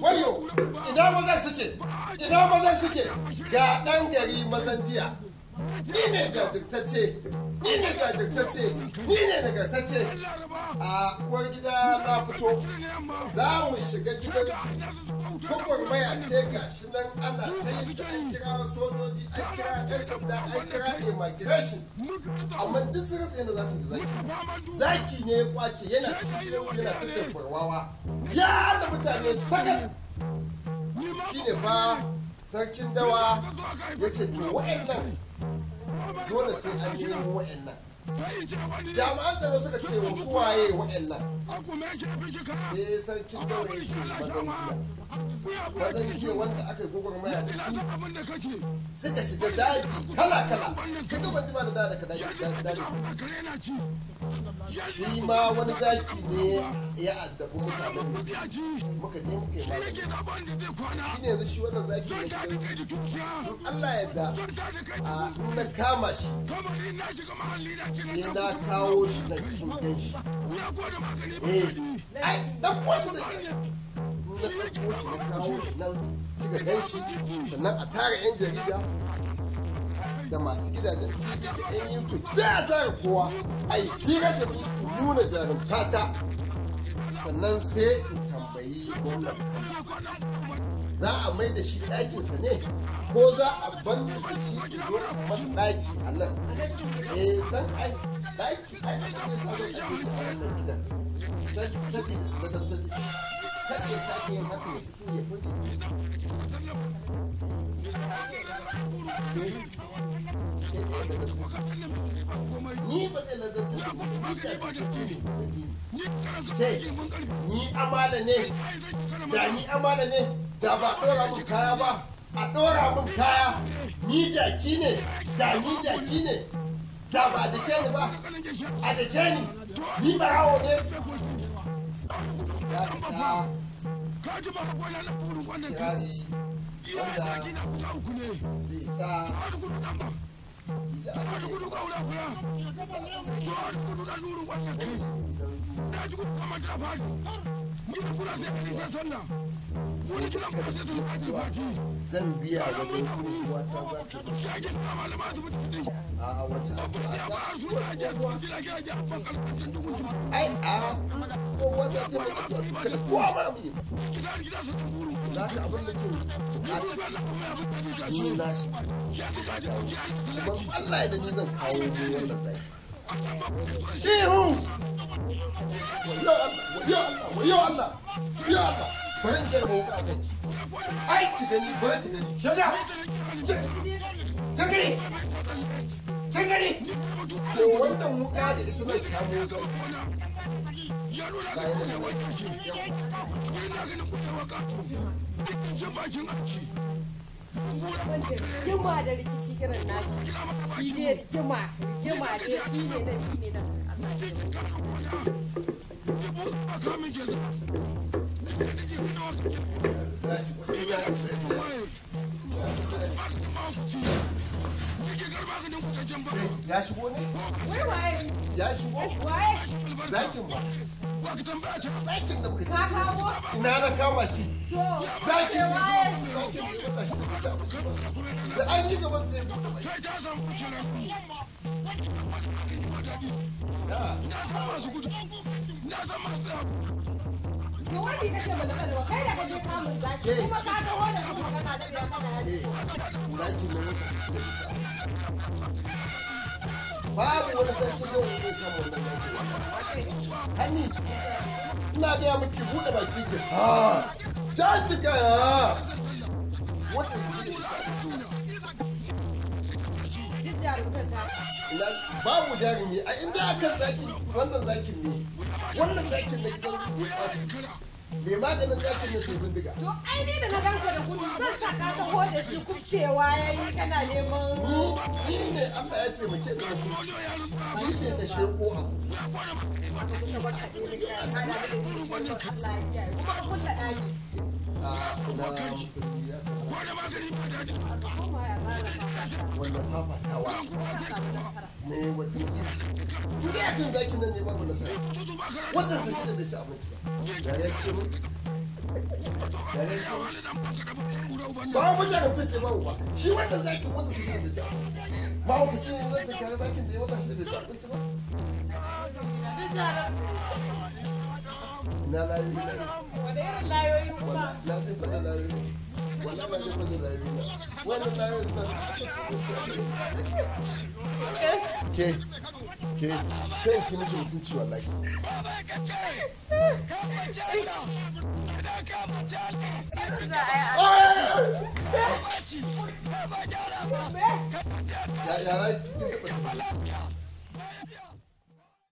wayo idan mazan suke idan mazan suke ga ɗan gari mazan jiya ni ne jajirtacce ni ne jajirtacce ni ne nagartacce a uwar gida na fito za mu shiga gidan gwagwarmaya ce gashi saboda an kira immigration amma duk sun rasa yadda za su da zaki zaki ne ya kwace yana cikin yana ta barwawa ya da mutane sakan ne fa sarkin dawa ya ce to wa'annan dole sai an nemo wa'annan jami'an tsaro suka ce wasu waye wa'annan sai sarkin dawa ya ce mazan ka zan je wanda aka yi gogon maya da shi suka shiga daji kala kala ka ga bajima da da ka daji daji shi ma wani zaki ne ya addabi mutane muka je muka yi magani shi ne yanzu shi wannan zaki ne in Allah ya da a na kama shi sai na kawo shi eh, da kin gan shi eh ai dan kuwa da da na shi na kawo shi nan kika gan shi sannan a tara 'yan jarida da masu gidajen tv da 'yan youtube da ya zara kowa a yi hira da ni nuna ta sannan sai in tambayi gwamnan kano za a mai da shi ɗakinsa ne ko za a ban da shi in zo a masa ɗaki a nan eh dan ai ɗaki ai abin da sabon ake shi a wannan gidan saboda matse ya ni amala ni ne ni amana ne da ni amana ne da ba ɗora mun kaya ba a ɗora mun kaya ni jaki ne da ni jaki ne da ba a dake ni ba a dake ni ni ba hawo ne ka ji ba hakora na burin wannan kirari da taki na guda uku ne zai sa har gudu dan ba har gudu ka wula fura to har gudu da nurin wannan kirari na ji gudu kamar fadi ni da kura sai ka nisan sallah zan biya wajen tsohuwa ta za ta a wacce ai a kowa ta ce ba ta tuka da kowa ba mu za ta abin da ke bukata ni na shi kuma Allah ya ni zan kawo ne wanda zai Ihu! Wayo Allah! Wayo Allah! Wayo Allah! bari in jarraba wuka a kanki ai ki gani bari ki gani shaga tangare tangare to wannan wuka da ita zai kamo zai rigima da rikici irin nashi shi dai rigima rigima ne shi ne nan shi ne nan Allah ya ya shigo ne? wai ya shigo? zakin ba zakin da muka ka kawo? ina na kama shi zakin ne zakin ne wata shi da mace abinci ba da an yi gaban sai buɗe bai na na kama su gudu na zama su to wani kake balbal kai da kaje kamun zaki kuma ka ga hoda kuma kana da biya kana yaji zaki ne babu wani sarki da wani zai kama wannan zaki hanni ina gaya miki buɗe baki ki ha ah. ta cika ya wata su ne da babu ne a inda akan zakin wannan zakin ne wannan zakin na gidan ya ɓaci mai maganin zakin na sai bindiga to ai ne da na ganka da gudu zan saka ta ho da shi kubcewa yayi kana neman ni ne Allah ya ce muke da kubci ni ne da sheko a gudu wato kusa barka da ni da Allah ya kiyaye kuma ka kulla daki What fafatawa ne wata nasara duk ba mu jara ta ce ba shi wanda zaki wata su ne bisa ma ku ce ne kare da ya shi ne bisa abinci ba ina layoyi na ne wani irin layoyi kuma na zai fada Okay. Okay. Thanks, you like. Yeah, yeah, yeah.